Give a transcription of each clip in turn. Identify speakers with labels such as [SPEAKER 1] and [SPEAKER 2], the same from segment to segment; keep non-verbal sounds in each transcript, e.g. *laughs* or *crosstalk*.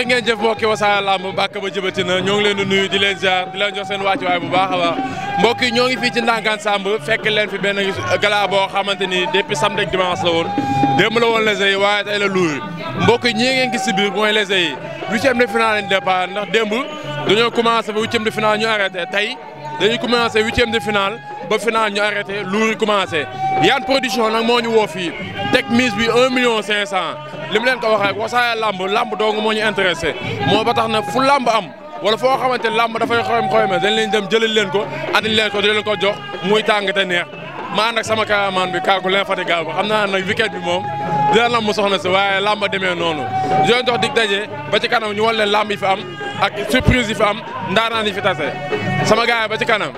[SPEAKER 1] jërë ngeen jëf mbokki Wassare Lamb mbàkk ba jëbati na ñoo ngi leen di nuyu di leen ziar di leen jox seen wàccuwaay bu baax a baax mbokk yi ñoo ngi fii ci Ndangaan Samb fekk leen fi benn gala boo xamante ni depuis samedi ak dimanche la woon démb la woon les yi waaye tey la luuy mbokk yi ñi ngeen gis si biir mooy les yi huitième de finale lañ départ ndax démb dañoo commencé ba huitième de finale ñu arrêté tey dañuy commencé huitième de finale ba final ñu arrêté luur yi commencé Yane Production nag moo ñu woo fii teg mise bi un million cinq cent li mu leen ko wax rek Wassare lamb lamb dong moo ñu intéressé moo ba tax na fu lamb am wala foo xamante lamb dafay xoyam xoyame dañ leen dem jëlal leen ko andiñ leen ko di leen ko jox muy tàng te neex maa nag sama caméraman bi kàggu l'infatigable xam naa nag weekend bi moom dina lamb soxna si waaye lamb demee noonu di leen dox dig daje ba ci kanam ñu wan leen yi fi am ak yi fi am
[SPEAKER 2] ndaanaan yi fi tase sama
[SPEAKER 1] gars ba ci kanam.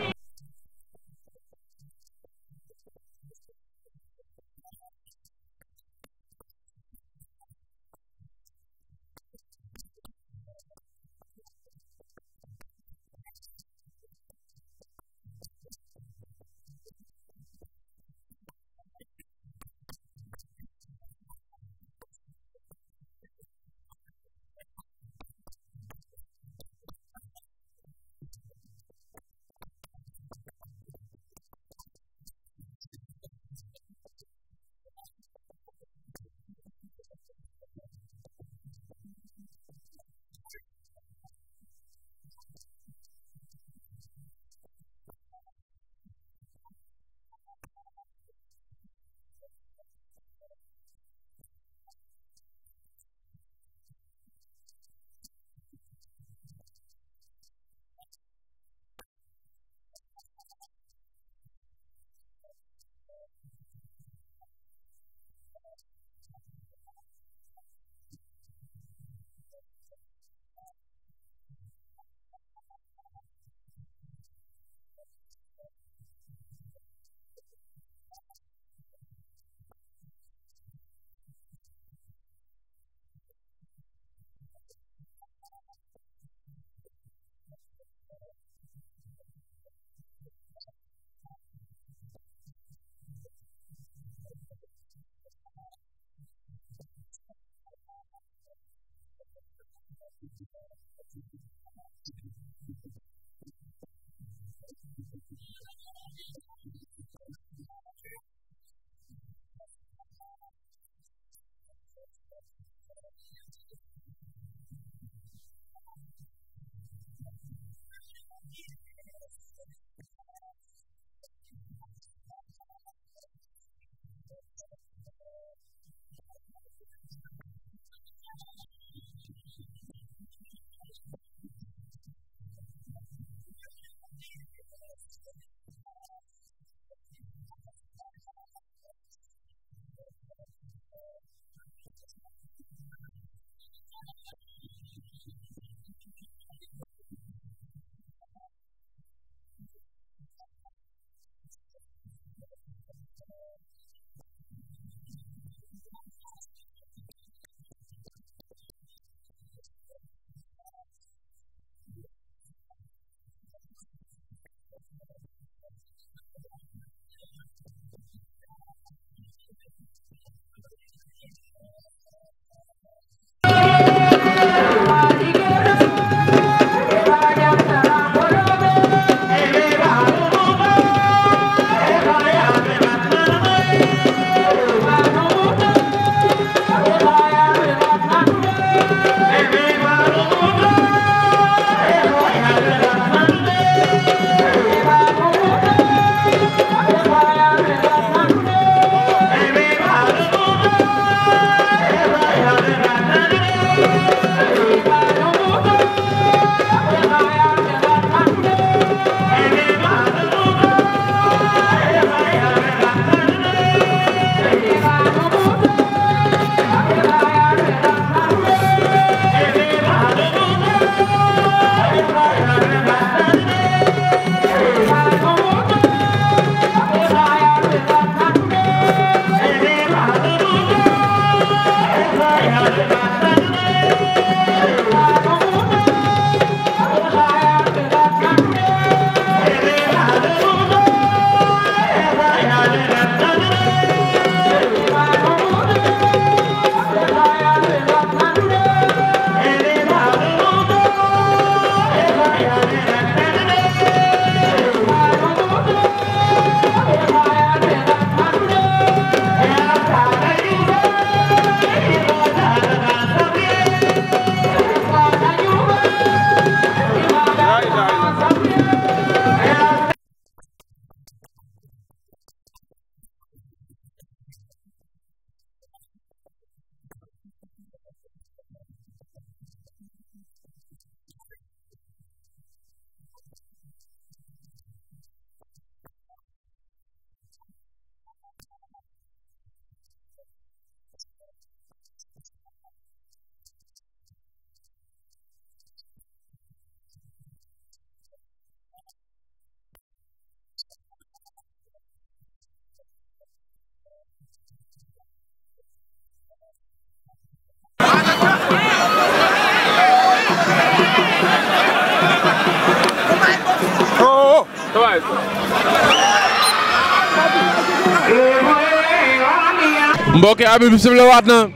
[SPEAKER 1] mbokki abi bi sifle waat na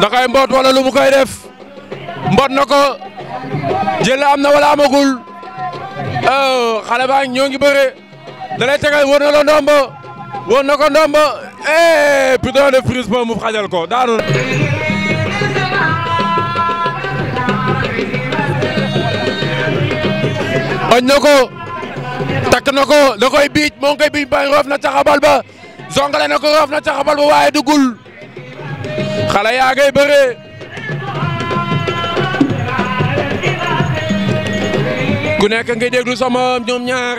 [SPEAKER 1] da kay mboot wala lu koy def mboot na ko jël am na wala amagul oh, xale baa ñoo ngi bëre da lay tegal wër na la ndombo wër na ko ndombo eh de prise ba xajal ko daanu oñ na ko takk na ko da koy biij moo ngi koy biij ba roof na caxabal ba zongale na ko roof na caxabal ba waaye dugul xale yaa ngay bëree ku nekk ngay déglu sama ñoom ñaar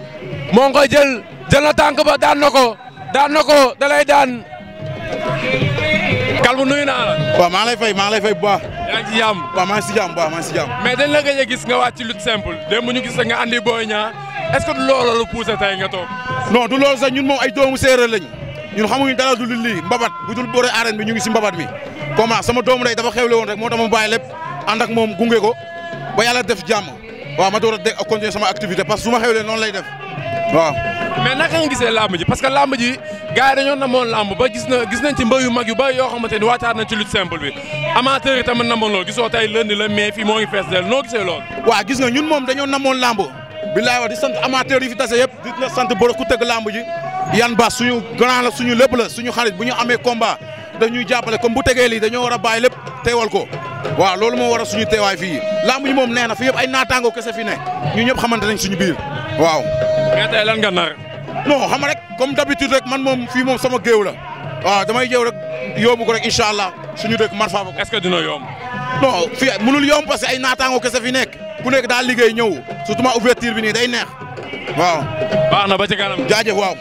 [SPEAKER 1] moo ko koy jël jël na tànk ba daan na ko
[SPEAKER 3] daan na ko da lay daan. Kalmu nuyu naa la. waaw maa lay fay maa ngi lay fay bu maa si jàmm bu maa si jàmm. mais dañ la gëj a gis nga wàcc ci lutte simple
[SPEAKER 1] démb ñu gis nga andi Boy Niang est-ce que du loolu la poussé nga toog.
[SPEAKER 3] non du loolu sax ñun moom ay doomu séeréer lañ ñun xamuñu dara du lii mbabat bu dul boore arène bi ñu ngi si mbabat mi. comment ah, sama doomu day dafa xewle woon rek moo tax ma bàyyi lépp ànd moom gunge ko ba def jàmm waaw ma door a continuer sama parce que ma xewlee noonu lay def waaw mais naka nga gise làmb ji parce que
[SPEAKER 1] làmb ji gars yi dañoo namoon làmb ba gis na gis nañ ci mbër yu mag yu bëri yoo xamante ni waataat nañ ci lutte simple bi amateur yi tamit namoon loolu gisoo tey lënd la mais fii moo ngi fees del noo gisee loolu
[SPEAKER 3] waaw gis ñun moom dañoo namoon làmb bilaay wax di sant amateur yi fi tase yëpp di sant borom ku tëgg làmb ji yan ba suñu grand la suñu lépp la suñu xarit bu ñu amee combat dañuy jàppale comme bu tegee lii dañoo war a bàyyi lépp teewal ko waaw loolu moo war a suñu teewaay làmb ji moom nee na fi yëpp ay naataangoo kese fi ne ñu ñëpp xamante nañ suñu biir waaw mais tey lan nga nar. rek comme d'habitude rek man moom fii moom sama géew la waaw damay géew rek yóbbu ko rek incha allah suñu dëkk man faa ko. est-ce que dina yomb. non fii mënul que ay naataango kese fi nekk ku nekk daal liggéey ñëw surtout ma ouverture bi nii day neex waaw. baax na ba kanam. jaajëf waaw.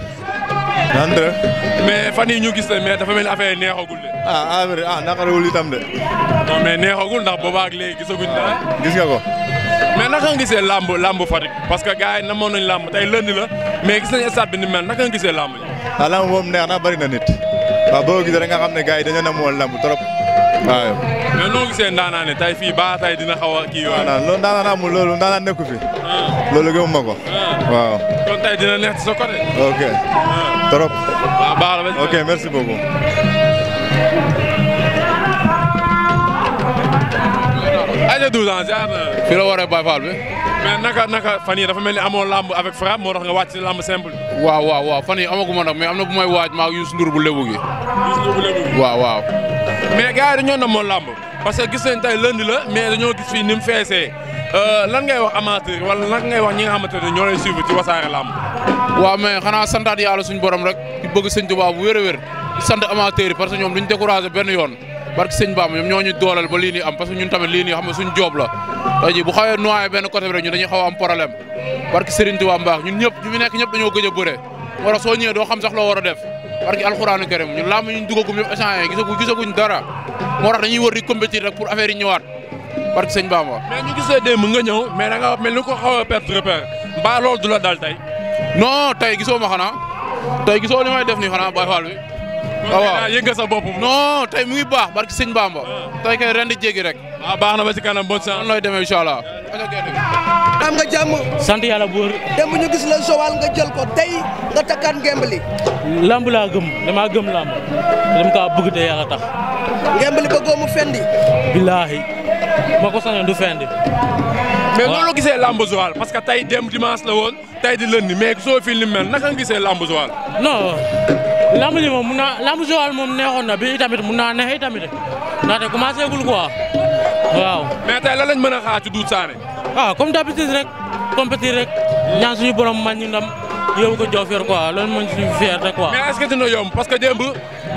[SPEAKER 3] naan de. mais fan yii ñu gis ne mais dafa mel ni affaire yi neexagul de. ah ah ah naqariwul itam de.
[SPEAKER 4] non mais neexagul ndax boobaag léegi gisaguñ dara. Ah, gis nga ko. mais naka nga gisee làmb làmb Fatick parce que gars yi namoon nañ làmb tey lënd la mais gis nañ stade ni mel naka nga gisee làmb ji. ah làmb neex na bëri na nit waaw boo gisee da nga xam ne gars yi dañoo namoon làmb trop waaw. mais noo gisee ndaanaa ne tey fii baax tey dina xaw a kii yooyu. waaw loolu ndaanaa amul loolu ndaanaa ah. loolu gëmu ko. Ah. waaw kon tey dina neex ci sa côté. ok la ah. ok merci beaucoup. âge de 12 ans si àll. la waree Baye Fall bi.
[SPEAKER 1] mais naka naka fan dafa mel ni amoo lamb avec frappe moo tax nga wàcc si lamb simple. waaw waaw waaw fan yii amaguma nag mais am na bu may waaj maa Youssou Ndour bu lebu gi. waaw waaw. mais gars yi dañoo namoo lamb parce que gis nañ tey lundi la mais dañoo gis fii ni mu feesee euh, lan ngay wax amateur wala lan ngay wax ñi nga xamante ne ñoo lay suivre ci wasaare lamb. waaw mais xanaa santaat yàlla suñu borom rek di bëgg sëñ Tuubaa bu wér a wér sant amateur yi parce que ñoom duñ découragé benn yoon barke sëñ Bamba ñoom ñoo ñu dooleel ba lii nii parce que ñun tamit lii nii xam nga suñu joob bu xawee noyé benn côté bi rek ñu dañuy xaw am problème barke Serigne Touba Mbaax ñun ñëpp ñu ñëpp dañoo gëj a bëre war a soo ñëwee doo xam sax loo a def barke alxuraanu karim ñun làmb ñu dugagum yëpp échange gisaguñ gisaguñ dara moo tax dañuy wër di compétir rek pour affaire yi ñëwaat barke sëñ Bamba ñu gisee démb nga ñëw mais da nga ko xaw a perdre repère mbaa loolu Ah, waaw yëngal sa bopp non tey mu ngi baax barki sëñ Bamba ah. tey kay ren di rek a ah, baax na ba ci kanam bon sang nooy demee incha allah
[SPEAKER 5] am nga
[SPEAKER 3] jàmm sant yàlla bu wër
[SPEAKER 5] démb ñu gis la nga jël ko tey nga takkaat ngemb li
[SPEAKER 3] lamb laa gëm damaa gëm lamb dama kaa tax
[SPEAKER 5] ngemb li bëggoo
[SPEAKER 1] fendi billaahi ma ko sañoon du fendi mais noonu gisee lamb Joal parce que tey dem dimanche la woon tey di lënd mais soo fi li mel naka gisee lamb Joal non lamb ji moom mun naa lamb Joal neexoon na bi itamit mun naa neex itamit ndaxte
[SPEAKER 4] commencé gul quoi
[SPEAKER 1] waaw. mais tey lan lañ mën a xaar ci Doudou Sané. ah comme d'habitude rek compétir rek ñaan suñu borom man ñu ndam yóbbu ko Diofior quoi loolu mooy suñu fierté quoi. mais est-ce que parce que démb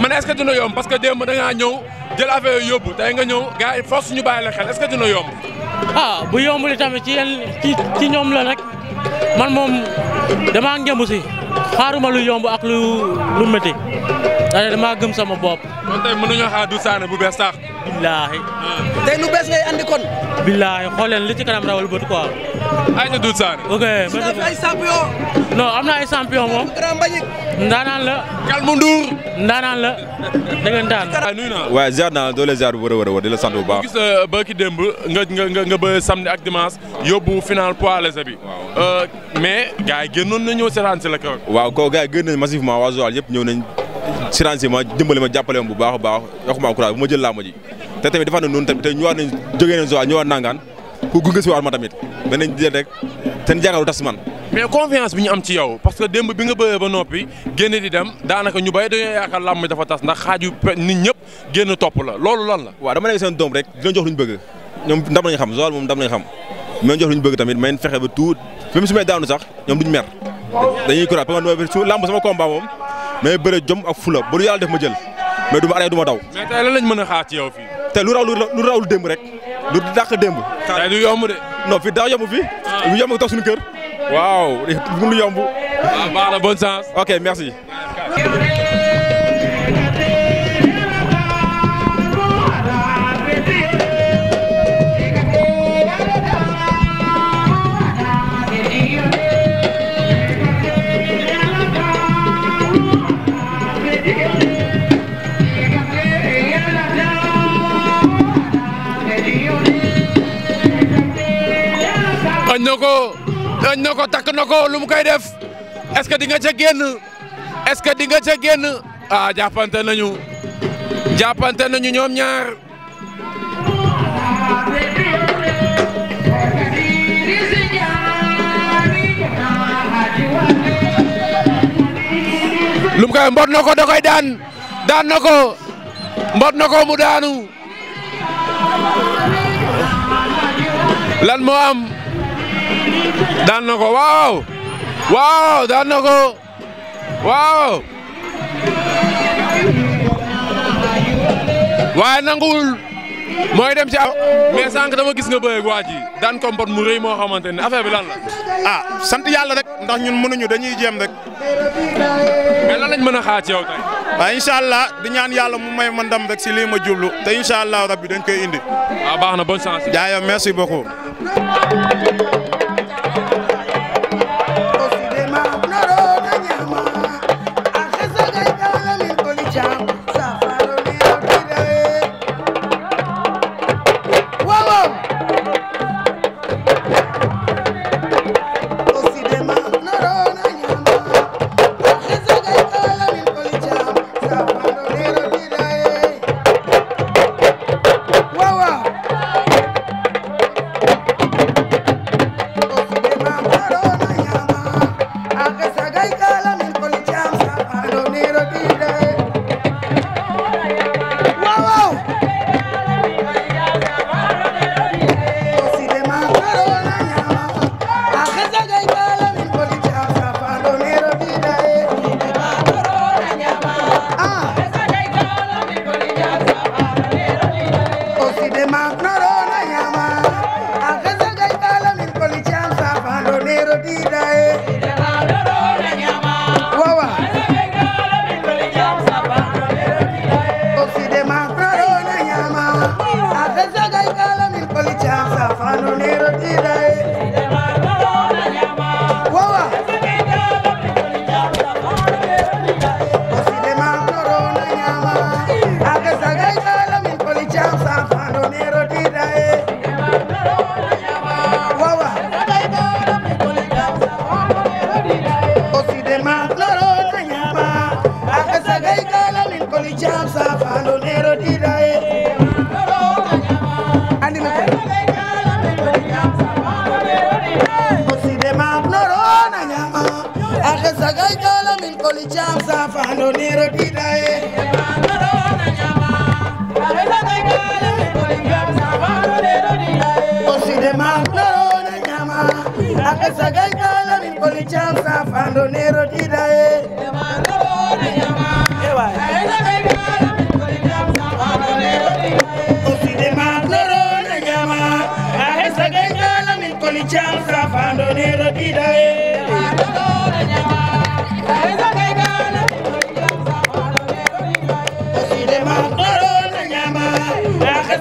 [SPEAKER 1] man est-ce parce que démb da ngaa ñëw jël affaire yooyu yóbbu nga ñëw gars yi force ñu bàyyi la xel est-ce que dina yomb. ah bu yombul tamit ci
[SPEAKER 4] ñoom la rek man moom damaa ngemb si. ma lu yomb ak lu lu métti dama gëm sama bopp. kon tey mënuñoo xaar Doudou Sané bu bees sax. billaahi. tey lu bees ngay andi billaahi xool li ci kanam rawal bët quoi. ay na Doudou Sané. ok merci
[SPEAKER 5] beaucoup am na ay champion moom. grand
[SPEAKER 4] la. Kalmu Ndour. ndaanaan la. da ngeen daan. waaw naa. doole ziar bu wërë wërë di la sant bu baax. gis euh, ba ki démb nga nga nga samedi ak dimanche. yóbbu final poids léger euh, mais gars yi génnoon na ñëw seetaan si la kaw. waaw kooku gars yi génn nañ massivement waa Joal yëpp ñëw nañ. sirancé ma dimbali ma jàppale ma baax baax yokk ma courage bu ma jël laa ma ji te tamit dafa ne noonu tamit tey ñëwaat nañ ma tamit danañ jël rek seen jàngalu tas man mais confiance bi ñu am ci yow parce que démb bi nga bëree ba noppi génn di dem daanaka ñu bay dañoo yaakaar làmb dafa tas ndax xaaju nit ñëpp génn topp la loolu lan la waaw dama seen doom rek dina jox luñu bëgg ñoom ndam lañ xam Joal moom ndam lañ xam mais jox luñu bëgg tamit may fexe ba tout même su daanu sax ñoom duñ mer dañuy courage parce que làmb sama combat moom mais bëre jom ak fula ba lu yàlla def ma jël mais du ma arrêté ma daw. mais lañ mën a xaar ci yow lu raw lu rawul démb rek lu dàq démb. tey du yomb de. non fii daa yomb fii. Ah. lu yomb a toog suñu kër. waaw *laughs* lu yomb. waaw ah, baax na bonne
[SPEAKER 1] xañ ko xañ na ko takk lu mu koy que di nga ca génn est-ce que nga ca génn ah jàppante nañu jàppante mbot na ko da koy daan daan na ko mbot na mu daanu lan moo am daan na ko waaw waaw daan na ko waaw waaye nanguwul
[SPEAKER 4] mooy dem ci am mais sànq dama gis nga bëyeeg waa ji daan combat mu rëy moo xamante ne affaire bi lan la. ah sant yàlla rek ndax ñun mënuñu dañuy jéem rek. mais lan lañ mën a xaar ci yow tey. waaw ah, di ñaan yàlla mu may ma ndam rek si lii ma jublu te incha allah rabbi dañ koy indi. waaw ah, baax na bonne chance. jaayoo merci beaucoup.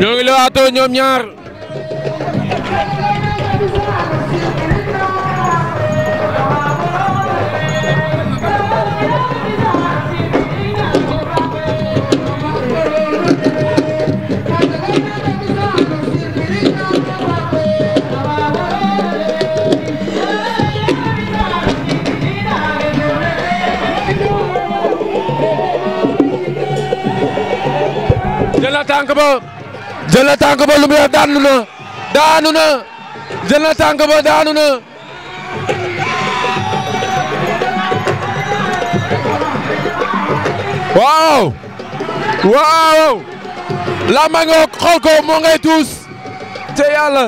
[SPEAKER 1] ñoo ngi lewaatoo ñoom ñaar jël na tànk ba jël na ba lu mu yor daanu na daanu na jël na ba daanu na waaw waaw làmba nga xool ko moo ngay tuus te yàlla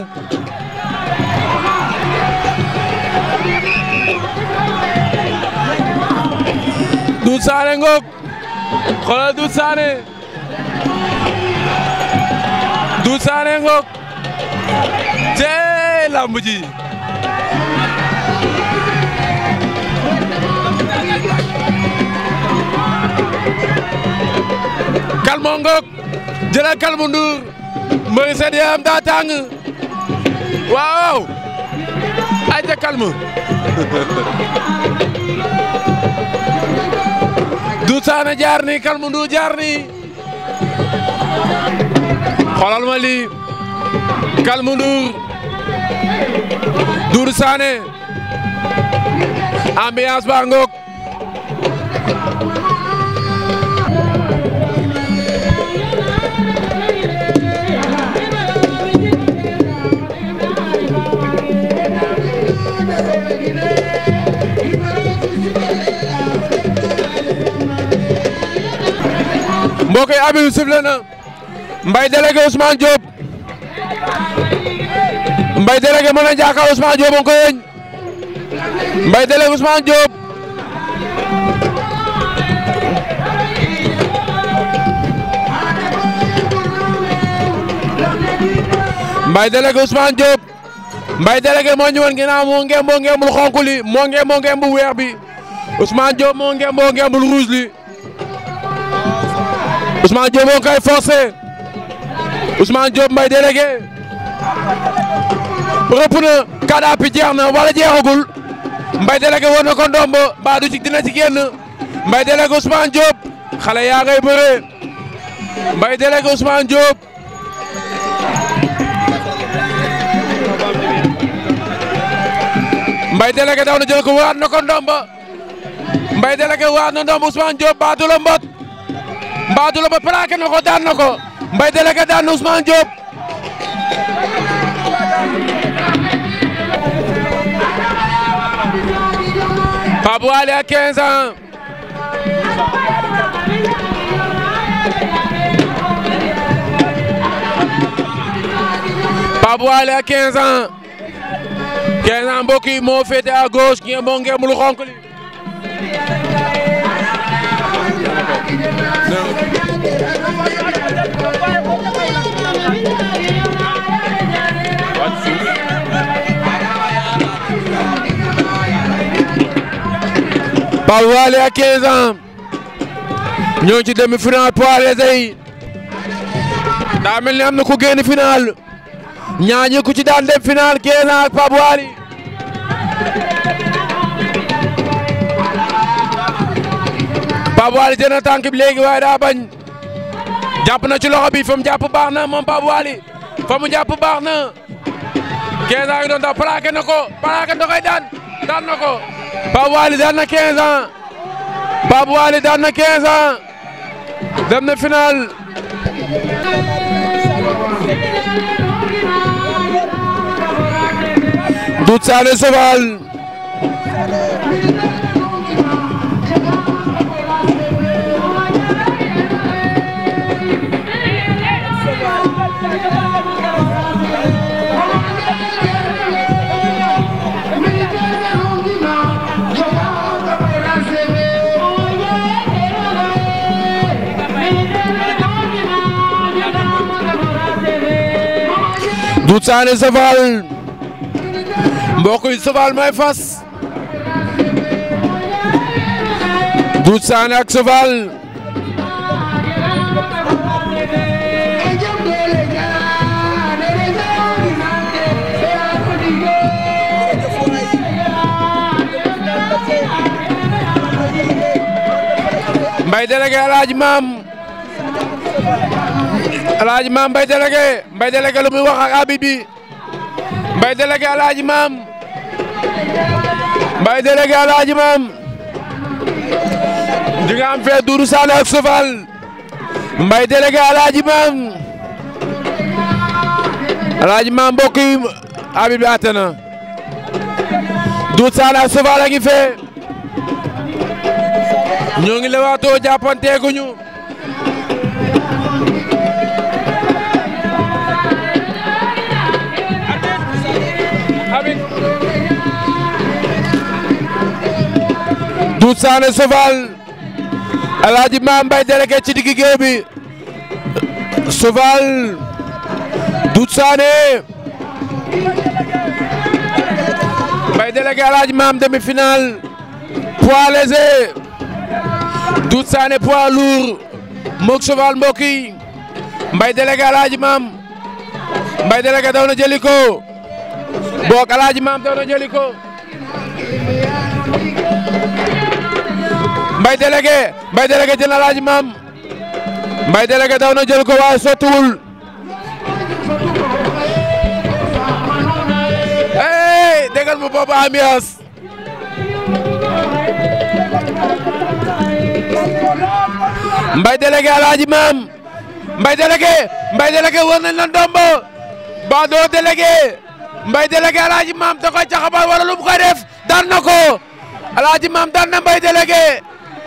[SPEAKER 1] Doudou Sané ngoog xoolal Doudou Sané yaa ngoog tey lamb nduur mbëri seen yaram daa tàng waaw ayca kalmu
[SPEAKER 2] *laughs*
[SPEAKER 1] du saana jaar nii kalmu nduur jaar nii xoolal ma lii Calme Ndour Doudou Sané ambiance ba ngoog mbokk yi abi sifle na Mbaye délégué Ousmane Diop Mbaye délégué mën na jàkkaar Ousmane Diop ko yeñ Mbaye délégué Ousmane Diop Mbaye délégué Ousmane Diop Mbaye délégué moo ñu woon ginnaaw moo ngemboo ngembul xonk li moo ngemboo ngembul weex bi Ousmane Diop moo ngemboo ngembul rouge li Ousmane Diop moo koy rëpp na kadaa bi jeex na wala jeexagul mbay délégué woon na ko ndomb ba du ci dina ci génn mbay délégué Ousmane Diop xale yaa ngay bëree mbay délégué Ousmane Diop mbay délégué daw na jël ko waat na ko ndomb mbay délégué waat na ndomb Ousmane Diop ba du la mbot du la ba plaqué na daan na ko mbay daan na Ousmane Diop Pape Wally a 15 ans Pape ans 15 moo féete à gauche ki moo lu xonk li Babou Waly à 15 ans ñoo ci demi-finale poids léger yi mel ni am na ku génn final ñaar ñi ci daan dem final 15 ans ak Babou Waly Babou Waly jël na tànk bi léegi waaye daa bañ jàpp na ci loxo bi fa mu jàpp baax na moom Babou Waly fa mu jàpp baax na 15 ans yi doon daw plaqué na ko plaqué na daan daan na ko. Pape Waly daan na dem na final. Doudou Sané Joal. Doudou e Sané Cheval mbokk yi Cheval mooy fas Doudou Sané ak Cheval mbay délégué El Hadj alaaji maam mbay Délégué Mbaye Délégué lu muy wax ak abi bi alaaji maam Mbaye Délégué alaaji maam di nga am fee Doudou Sané ak alaaji maam alaaji maam mbokk yi abi bi àtte na Doudou ñoo ngi lewaatoo jàppanteeguñu Doudou Sané Cheval Alaaji Maam Mbay délégué ci digg géew bi Cheval Doudou Sané Mbay délégué Maam demi-finale poids léger Doudou Sané poids lourd moog Cheval mbokk yi Mbay délégué Alaaji Maam Mbay délégué daw na jëli ko boog Alaaji Maam daw na jëli mbay délégué mbay délégué jël na laaj maam mbay délégué daw na jël ko waaye sottiwul hey dégal mu boobu ambiance mbay délégué alaaji maam mbay délégué mbay délégué war nañ la ndombo ba doo délégué mbay délégué alaaji maam da koy caxabal wala lu mu koy def daan na ko alaaji maam daan na mbay délégué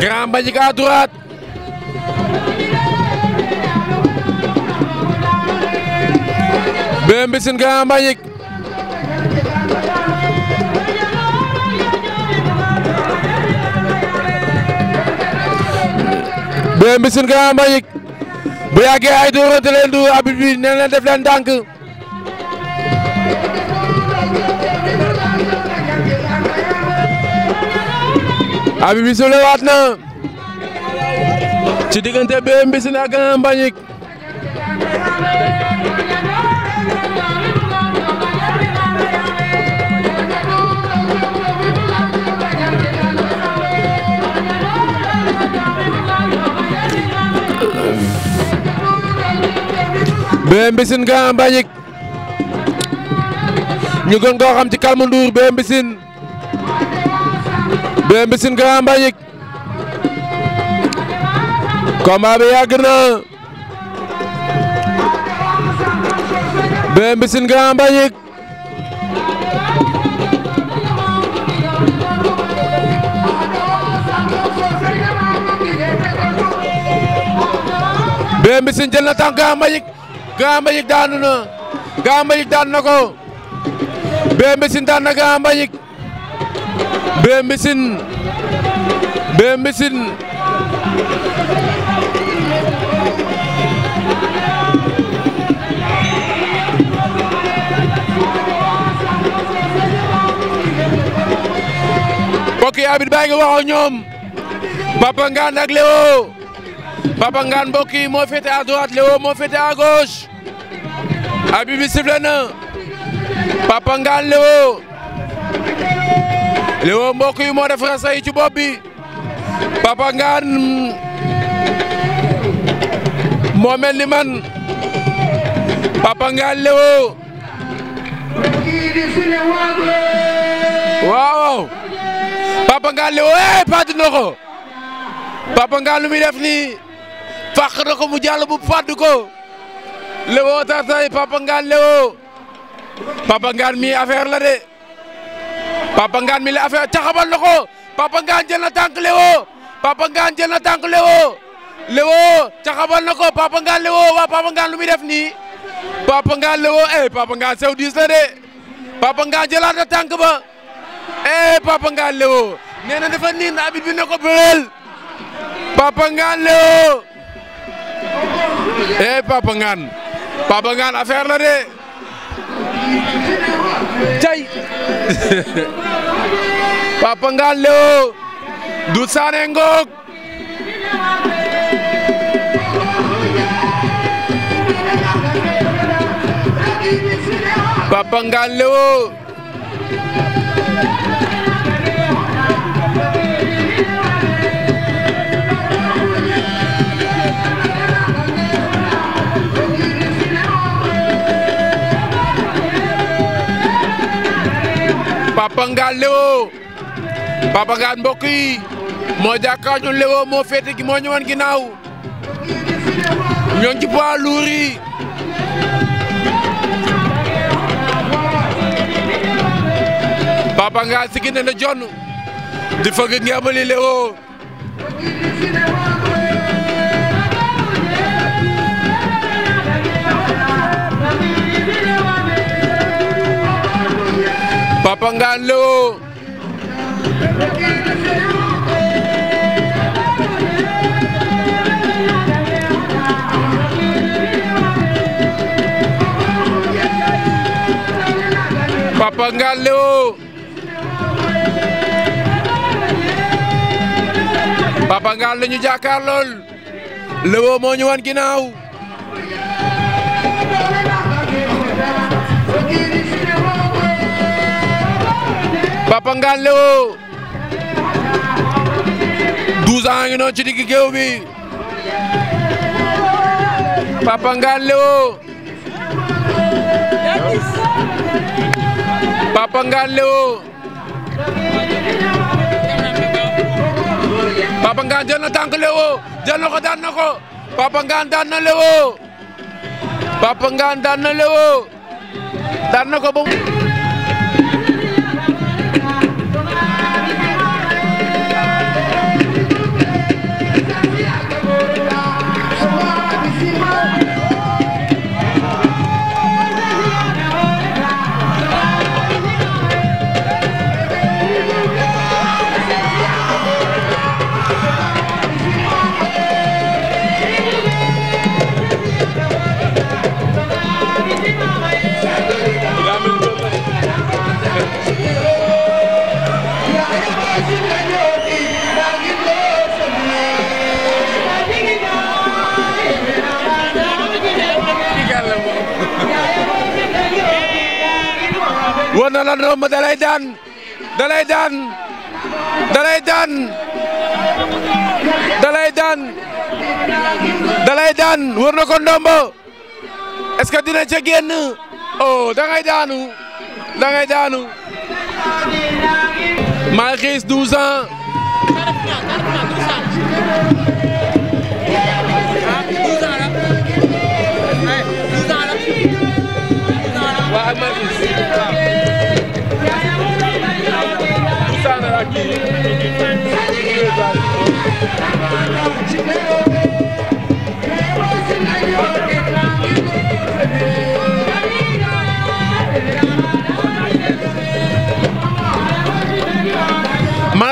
[SPEAKER 1] Grand Mbagnick à droite Bébé Mbissine Grand Mbagnick Bébé Mbissine Grand Mbagnick bu yàggee ay dóorante leen du abit bi leen def leen ndànk abi bi sule waat na ci diggante Bébé Mbissine ak Grand Mbagnick ñu gën koo ci Calme Ndour Bébé Bébé Mbissine Grand Mbagnick combat bi yàgg na Bébé Mbissine Grand Mbagnick Bébé Mbissine jël na tànk Grand Mbagnick Grand Mbagnick daanu na Grand Mbagnick daan na ko Bébé Mbissine daan na Grand Mbagnick Beye Mbissine Beye Mbissine mbokk yi abit baa ngi ñoom Papa Ngane ak Léo Papa moo féete à droite Léo moo féete à gauche abit bi sifle na Papa Léwo mbokk yi moo def rasay ci bopp bi Papa moo mel ni man Papa Ngane Léwo waaw Papa Ngane Léwo eh fàtt na ko Papa def nii fàq ko mu jàll bu ko Léwo tartay Papa Ngane Léwo Papa Ngane mi affaire la de. Papa Ngane mi la affaire na ko Papa jël na tànk Léwo Papa jël na tànk Léwo Léwo taxabal na ko Papa Ngane Léwo waa Papa def nii Papa Ngane Léwo eh Papa Ngane de Papa Ngane jëlaat na ba eh Papa Ngane nee na dafa niin abit bi ne ko bëreel Papa Ngane Léwo eh Papa Ngane Papa de. *laughs* Papa Ngane Léo Doudou Sané Ngok Papa Ngane Papa Ngane Lewo Papa Ngane mbokk yi moo jàkkaar ñu Lewo moo féete gi moo ñëwoon ginnaaw ñoo ngi ci poids Papa Ngane Lewo Papa Ngane Lewo Papa Ngane ñu jàkkaar lool moo ñu wan ginnaaw Papa Ngane Lewo 12 ci digg géew bi Papa Ngane Lewo Papa Papa Ngane jël na tànk Lewo jël ko daan ko Papa Ngane daan na Lewo Papa Ngane daan na Lewo daan ko ba war na la romb dalay daan dalay daan dalay daan dalay daan dalay daan war na ko ndombo est-ce que dina ca génn oh da ngay daanu daanu maa xiis 12 ans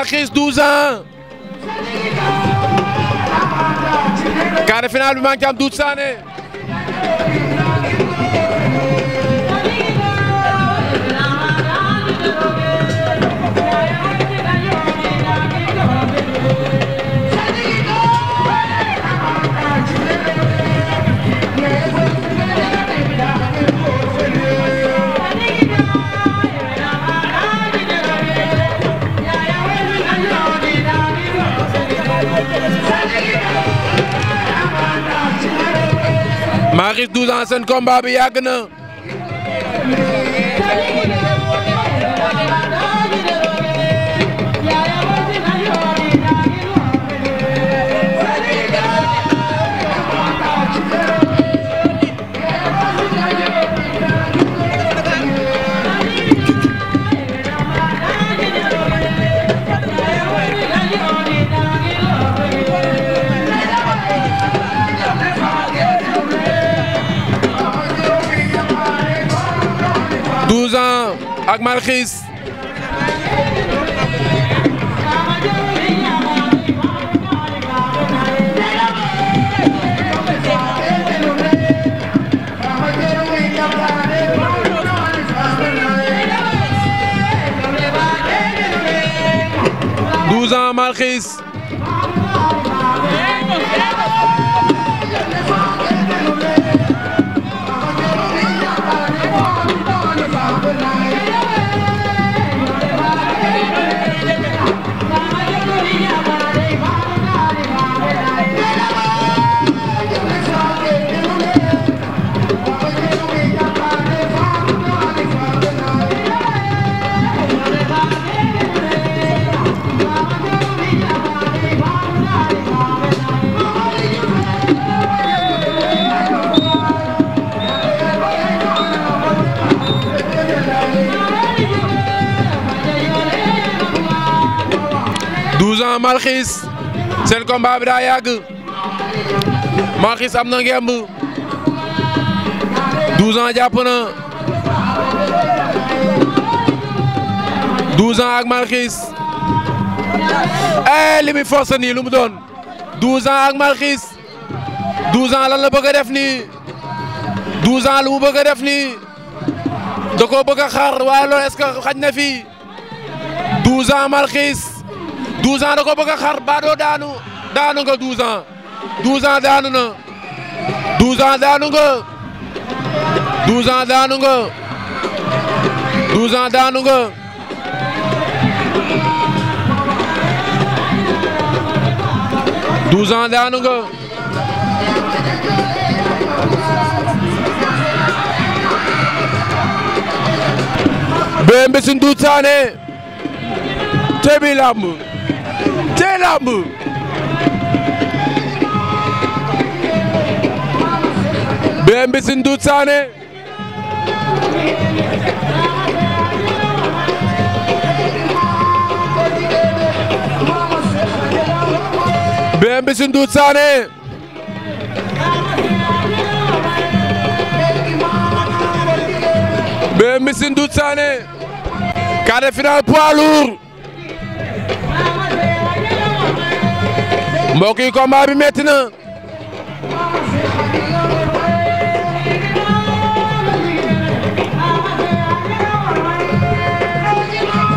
[SPEAKER 1] Rakhis 12 ans quart de finale bi maa ngi ci am Doudou Sané seen combat bi yàgg na tarxiis douze ans Malxiis Franc Malxiis seen combat bi daa yàgg am na ngemb 12 ans jàpp na ak Malxiis eh li muy force nii lu mu doon 12 ans ak Malxiis 12 ans lan la bëgg a def nii 12 ans lu mu bëgg a def nii da koo bëgg a na fii 12 ans 12 ans da ko bëgg a xar baadoo daanu daanu nga 12 ans 12 ans daanu na 12 ans daanu nga 12 ans daanu nga 12 ans daanu nga 12 ans tey làmb Birame Mbissine Doudou Sané Birame Mbissine Doudou mbokk yi combat bi metti na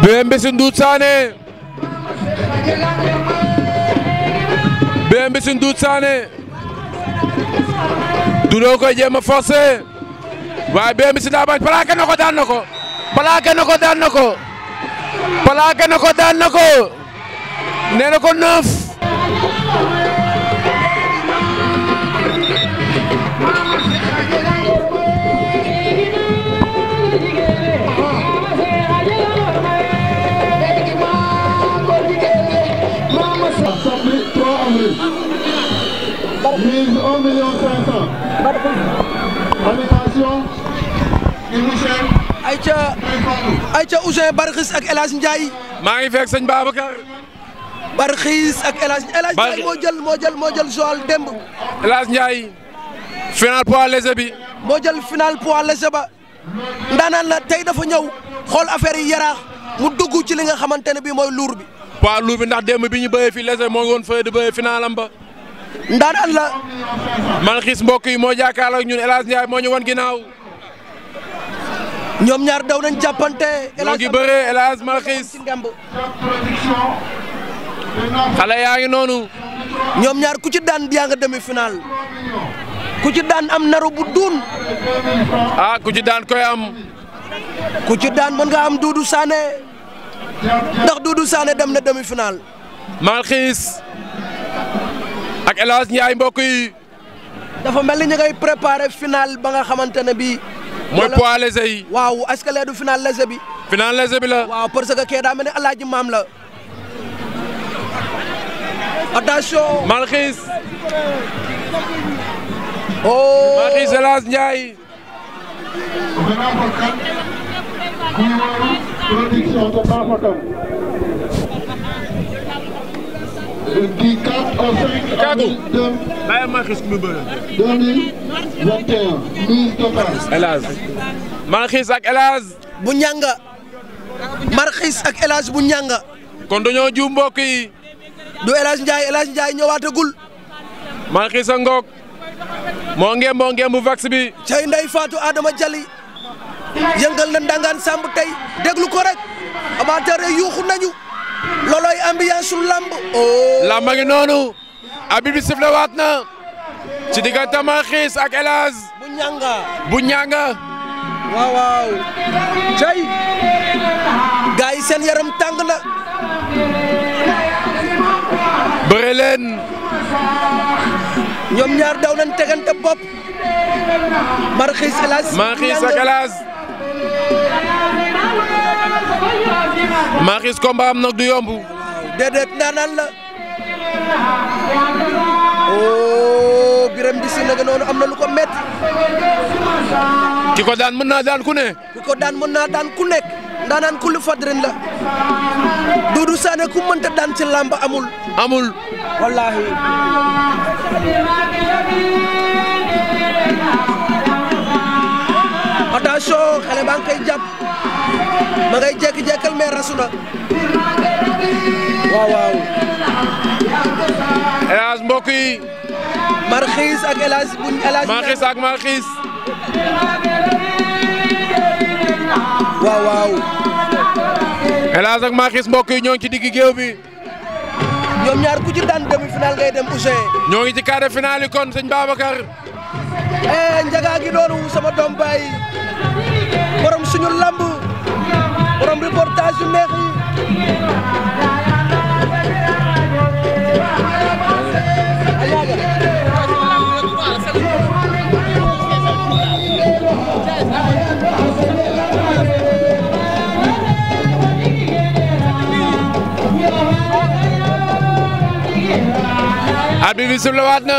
[SPEAKER 1] Birame Mbissine Doudou Sané Birame koy jéem a forcé waaye Birame Mbissine daa bañ plaqué na daan na ko plaqué daan na ko plaqué daan na nee na ko ayca ayca Ousseyn Barxis ak El Hadj Ndiaye. maa ngi fekk sëñ Babacar. Barxis ak El Hadj El moo jël moo jël moo jël Joal démb. El Hadj Ndiaye.
[SPEAKER 5] bi. moo jël final poids léger ba. ndaanaan la tey dafa ñëw xool affaire yi yaraax mu dugg ci li nga xamante ne bii mooy luur bi. poids luur
[SPEAKER 1] bi ndax demb bi ñu bëree fi léger moo ngi woon fëy di bëree finalam ba. ndaanaan la. man xiis mbokk yi moo jàkkaarloo ak ñun El Hadj moo ñu won ginnaaw. ñoom
[SPEAKER 5] ñaar daw nañ jàppante. ñoo ngi bëree El yaa ngi noonu. ñoom ñaar ku ci daan yaa nga demi final ku ci daan am naru bu duun. ah ku ci daan koy am. ku ci daan mën nga am Doudou Sané ndax Doudou Sané dem na demi final.
[SPEAKER 1] Malxis ak El Hadj Ndiaye mbokk yi.
[SPEAKER 5] dafa mel ni ñu ngay final ba nga xamante ne bii. mooy poids léger yi. waaw est-ce que lee du final léger bi. final léger bi la. waaw kee daa mel ne la.
[SPEAKER 1] attention. Malxiis. oh Malxiis Elhadj Ndiaye. du 4 ak El bu ñanga Marxis ak El bu ñanga kon dañoo ju mbokk yi. du El Hadj Ndiaye El Hadj Ndiaye ñëwaatagul. Marxis
[SPEAKER 5] moo ngeen moo ngeen bu vax bi. cay nday Fatou Adama Jali yëngal na ndangaan Samb tey déglu ko rek amateur yuuxu nañu. loolooy ambiance
[SPEAKER 1] u lamb oh. lamb noonu abi bi sifle ci diggante Makhis ak Elaz bu ñanga
[SPEAKER 5] waaw waaw cey gars yi seen yaram tàng na bëre leen ñoom ñaar daw nañ
[SPEAKER 1] tegante bopp Makhis Elaz Makhis ak Elaz Maris combat am nag du yomb. déedéet
[SPEAKER 5] ndaanaan la. oh Birame Mbissine nag noonu am na lu ko métti. ki ko daan mën naa daan ku ne. ki ko daan mën naa daan ku nekk. ndaanaan kulli fadrin la. Doudou Sané ku mënta daan ci làmb amul. amul. wallaahi. attention xale baa ngi koy jàpp. ma ngay jékki-jékkal mais rasu na waaw
[SPEAKER 1] mbokk yi. Marxiis ak El buñ El Hadj. waaw waaw. El ak Marxiis mbokk yi ñoo ci digg géew bi. ñoom ñaar ku ci daan demi-finale ngay dem Ousseyn. ñoo ci quart de finale yi kon sëñ Babacar.
[SPEAKER 5] eh Ndiaga gi noonu sama doom baay borom suñu lamb. borom reportage yu neex yi
[SPEAKER 1] arbitre bi siflewaat na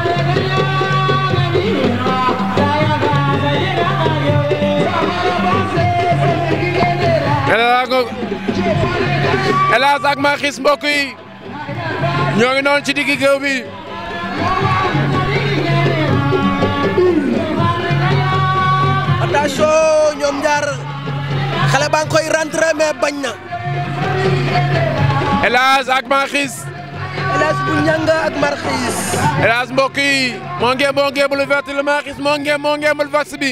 [SPEAKER 1] Sango ak Makhis mbokk yi ngi noonu ci diggi géew bi
[SPEAKER 5] attention ñoom ñaar xale baa koy rentré mais bañ na El Hadj ak
[SPEAKER 1] Makhis El Hadj bu ñanga ak Makhis El Hadj mbokk yi moo ngee moo ngee bu lu vert la Makhis moo ngee moo ngee bu lu vax bi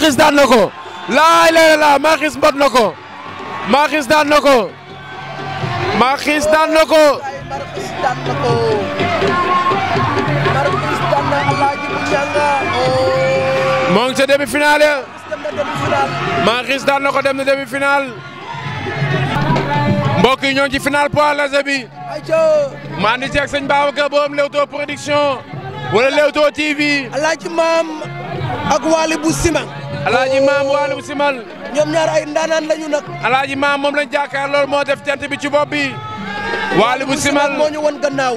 [SPEAKER 1] Maxis daan na ko laay la la na ko Maxis daan na ko daan na ko daan na ko daan na Alaaji ngi ca demi-finale daan na ko dem na demi-finale mbokk yi ñoo ngi ci finale poids maa ngi ceeg sëñ Babacar boom Leewtoo production wala Leewtoo TV Alaaji Maam ak Waly bu Sima alaaji maam waalum simal ñoom ñaar ay ndaanaan lañu nag alaaji maam moom lañ lool moo def tent bi ci bopp bi waalum simal moo ñu won gannaaw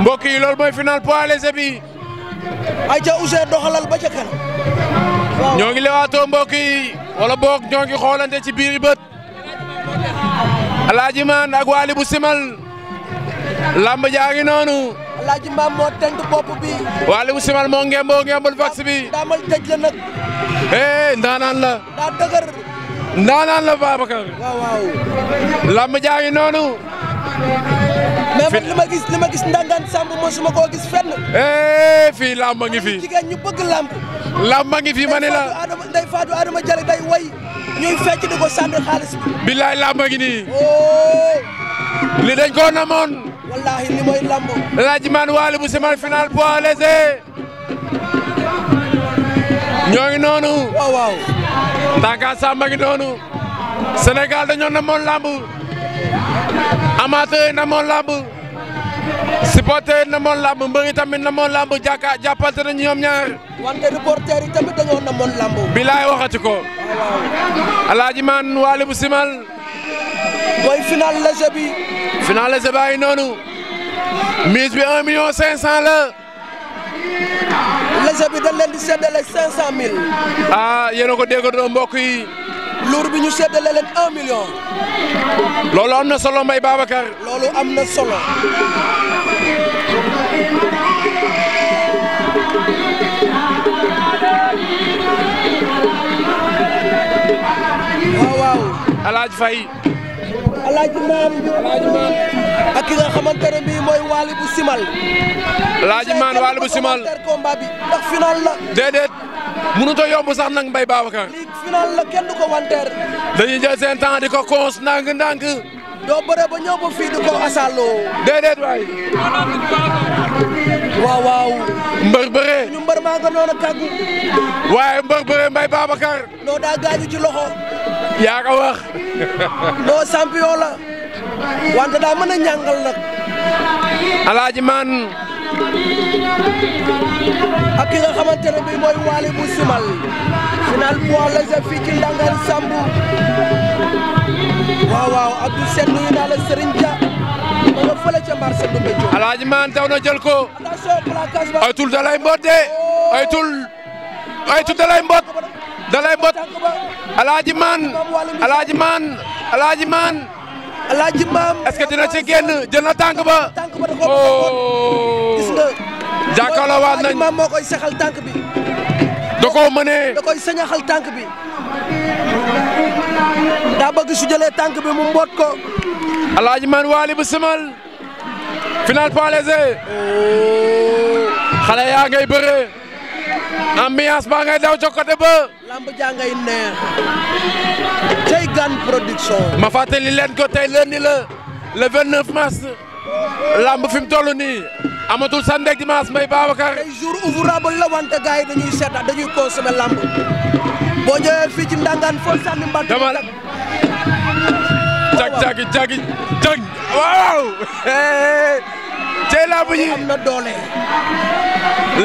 [SPEAKER 1] mbokk yi loolu mooy final poids léger bi ay ca Ousseyn doxalal ba ca kanam ñoo ngi lewaatoo mbokk yi wala boog ñoo ngi xoolante ci biir bët alaaji maan ak waali simal lamb jaa Alaaji Maam moo tent bopp bi waa Aliou Simal moo ngemboo ngembul vax bi daamal tëj la nag eh ndaanaan la daa dëgër ndaanaan la Babacar waaw waaw lamb noonu mais li ma gis li ma gis
[SPEAKER 5] Ndangaan Samb mosuma koo gis fii lamb ngi fi jigéen ñu bëgg lamb. lamb ngi fi ma ne la day faatu Adama Jale day way ñuy fecc di ko sànni xaalis
[SPEAKER 1] billaay lamb ngi nii.
[SPEAKER 5] Oh.
[SPEAKER 1] li dañ koo namoon. wallahi li mooy lamb Alaaji Man Waly bu semaine finale poids ngi noonu waaw waaw Ndanka Samba ngi noonu Sénégal dañoo namoon lamb amateur yi namoon lamb supporter yi namoon lamb mbër yi tamit namoon lamb jàkka jàppante ñoom ñaar bilaay waxati ko Alaaji Man simal mooy final léger bi. final léger bi ay noonu. mise bi un million cinq cent la. léger bi dañ leen di séddale cinq cent mille. ah yéen a ko déggandoo mbokk yi. luur bi ñu séddale leen un million. loolu am na solo Mbaye Babacar.
[SPEAKER 5] loolu am na solo. alaaj Faye. alaaj maam alaaj maam ak ki nga xamante ne bii mooy waali
[SPEAKER 1] bu simal. alaaj maam waali bu simal combat bi ndax final la. déedéet mënut a yomb sax nag Mbaye Babacar. lii
[SPEAKER 5] final la kenn du
[SPEAKER 1] wanteer. dañuy jël seen temps di ko cons ndànk-ndànk. doo bëre ba ñëw ba fii di ko asaaloo. déedéet waaw waaw. mbër bëre. ñu mbër maa nga noonu kàggu.
[SPEAKER 5] waaye mbër bëre Mbaye Babacar. noo daa gaañu ci loxo. yaa ko wax. non champion la wante daa mën a ñàngal nag. alaaji man ak nga xamante ne bii mooy Waly bu simal final poids léger fii ci Ndangal Sambu waaw waaw Abdou Sène nuyu naa la Serigne Dia ma nga fële ca marché Ndoumbe Diop. alaaji man taw ko. attention
[SPEAKER 1] tul da lay mbot de tul ay tul da lay da lay mbot alaaji maan alaaji maan alaaji maam est dina ci génn jël na tànk ba oh gis nga jàkkaarloo waat nañ maam moo koy saxal tànk bi da koo mënee da tànk bi daa bëgg su jëlee tànk bi mu mboot ko alaaji maan waali simal final palese oh. xale yaa ngay bëree ambiance baa ngay daw ca côté ba. lamb jaa ngay neex. cey Gane production. ma fàttali leen ko tey lundi la le 29 mars lamb fi mu toll nii amatul samedi ak dimanche may Babacar. tey jour ouvrable la wante gars yi dañuy seetaat dañuy
[SPEAKER 5] consommer lamb boo ñëwee fii ci Ndangaan foo sànni mbaat. dama jag jag jag jag waaw. tey
[SPEAKER 1] lamb yi am na doole.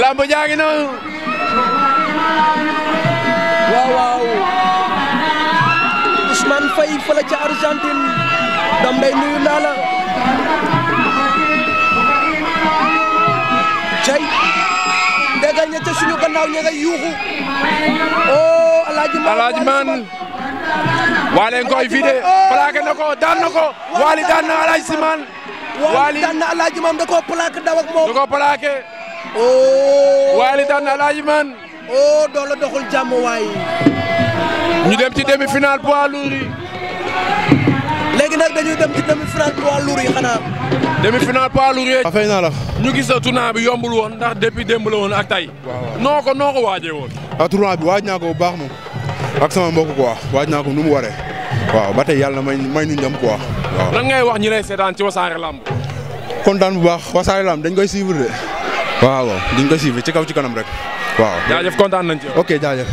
[SPEAKER 1] lamb jaa ngi noonu.
[SPEAKER 2] waaw
[SPEAKER 5] waaw Ousmane Faye ca Argentine dam nuyu naa la cay déggal ña ca suñu gannaaw ña ngay yuuxu oh alaaji man koy vidé oh, oh.
[SPEAKER 1] plaqué na ko daan na ko waali daan na alaaji waali daan na alaaji da koo plaqué daw ak moom da koo oh waali daan na Alaaji Man. oh doole doxul jàmm waay. ñu dem ci demi final poids lourd yi. léegi nag dañuy dem ci demi final poids lourd yi xanaa. demi final poids lourd yi. fay naa la. ñu gis sa tournoi bi yombul woon ndax depuis démb la woon ak tey. noo ko noo ko waaje woon.
[SPEAKER 4] ah tournoi bi waaj ko bu baax moom. ak sama mbokk quoi waaj naa ko nu mu waree. waaw ba tey yàlla may may nu ñam quoi.
[SPEAKER 1] waaw ngay wax ñi lay seetaan ci wasaare lamb.
[SPEAKER 4] kontaan bu baax wasaare lamb dañ koy suivre de. waaw waaw di nga ko suivre ci kaw ci kanam rek waaw. jaajëf kontaan nañ ci ok jaajëf.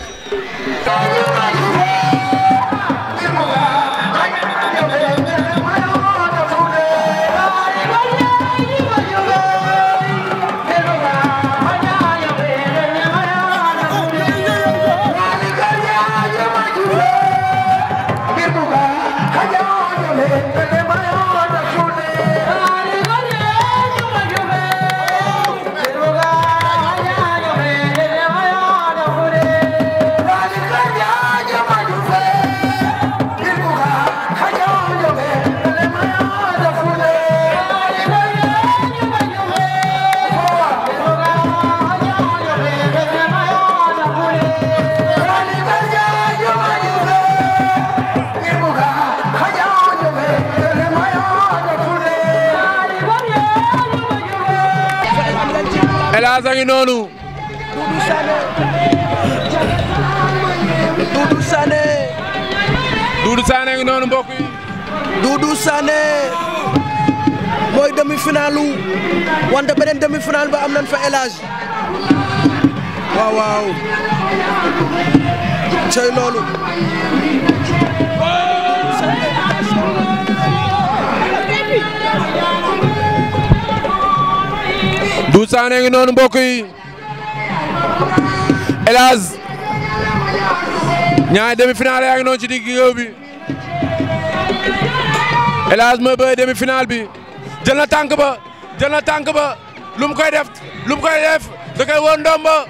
[SPEAKER 1] noonu.
[SPEAKER 5] Doudou mooy demi-finale wante beneen demi-finale ba am nañ fa élage waaw cey loolu.
[SPEAKER 1] Doudou Sané ngi noonu mbokk yi hélas ñaari demi-finale yaa ngi noonu ci digg géew bi hélas mooy bëri demi-finale bi jël na ba jël na ba lu koy def lu mu koy def da koy wër ndomba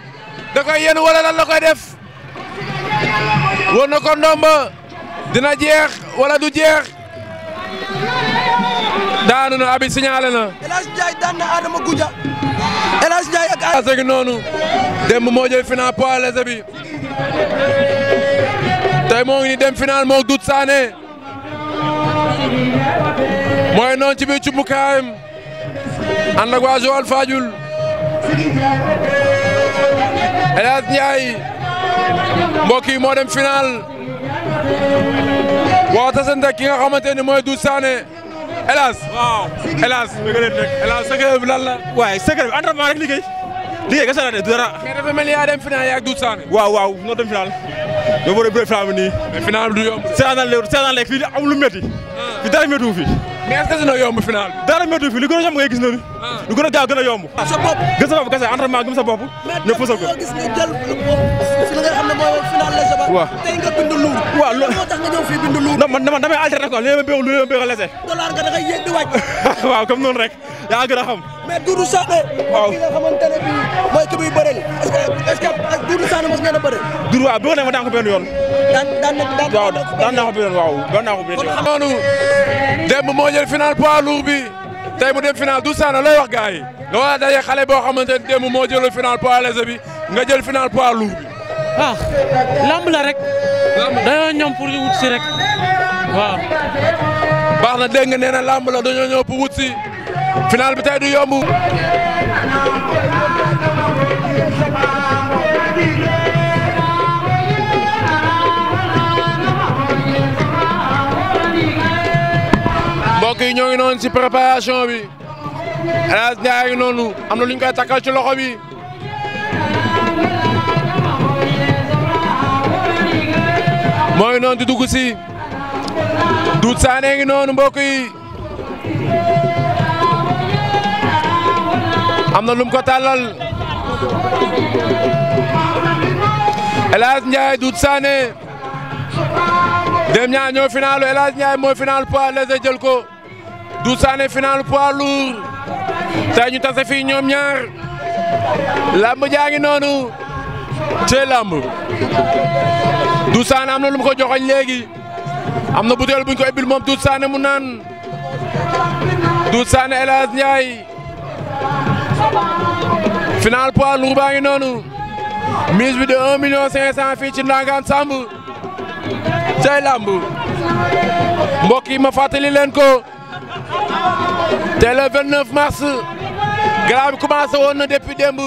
[SPEAKER 1] da koy yéen la koy def wër na ko dina jeex wala du jeex daanu na abi signalé na
[SPEAKER 5] El Hadj Ndiaye na Adama Goudia
[SPEAKER 1] Diaz a ngi noonu démb moo jël final poids léger bi tey moo ngi ni dem final moo dut saane mooy noonu ci biir cumbukaayam ànd ak waa Joal Fadiouth El Hadj Ndiaye mbokk yi moo dem final waaw tasante ki nga
[SPEAKER 4] xamante ne mooy dut saane Elas waaw Elas. dëgg la dëgg Elas secret bi lan la. waaye secret bi entraînement rek liggéey. liggéey kese la de dara. mais dafa mel ni yaa dem final yaa ak Doudou Sané. waaw waaw noo dem final. ñoo war a bëre final bi nii. mais final du yomb. seetaan naa leen seetaan lekk fii amul lu métti. Ah. fi dara méttiwul fi. mais est-ce que dina yomb final bi. dara méttiwul fi li gën a yomb ngay gis noonu. Ah. lu gën a gaaw gën a yomb. sa bopp gën sa bopp kese entraînement gëm sa bopp. ñëpp fësal ko mais gis nga
[SPEAKER 5] jël fi nga xam ne mooy woon final les sabar. waaw
[SPEAKER 4] tey nga bind luur. waaw loolu moo tax nga ñëw fii bind luur. non man damay alterner quoi li ma bëgg lu ma bëgg a lese. dollar nga da ngay yéeg di wàcc. *laughs* waaw comme noonu rek yaa gën a xam mais Doudou Sané. waaw ki nga xamante ne a bëreel. Doudou waaw boo nee ma daan ko benn yoon. daan moo jël final poids lourd bi tey dem final Doudou Sané looy wax gars
[SPEAKER 1] nga war a daje xale boo xamante ne moo jëlul final poids léger bi nga jël final poids lourd bi. waaw
[SPEAKER 2] ah,
[SPEAKER 1] lamb la rek. dañoo ñoom pour rek waaw. baax na dégg nga nee na lamb la final bi tey du yomb mbokk ñoo ngi noonu ci préparation bi El Hadj ngi noonu am na lu ñu koy takkal ci loxo bi moo ngi noonu di dugg ci Doudou ngi noonu mbokk am na lum ko tàllal El Hadj Ndiaye Doudou Sané dem ñaa ñoo final El Hadj mooy final poids léger jël ko Doudou Sané final poids lourd tase fii ñoom ñaar làmb jaa ngi noonu cee làmb Doudou Sané am na lum ko joxoñ léegi am na butéel buñ ko ebbil moom Doudou Sané mu naan Doudou Sané El Hadj final poids lourd noonu mise bi de 1 million 500 fii ci Samb cay lamb mbokk yi ma fàttali leen ko te le 29 mars gala bi commencé woon na depuis démb.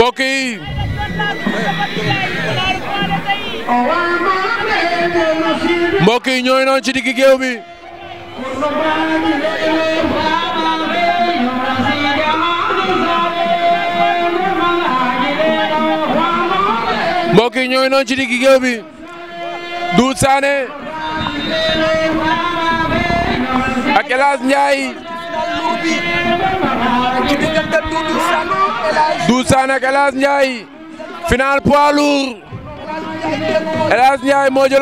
[SPEAKER 1] mbokk yi mbokk yi ñooy noonu ci digg géew bi mbokk yi ci digg géew ak El Hadj bi ci diggante Doudou Sane ak El Hadj. Doudou Sane ak El Hadj Ndiaye moo bi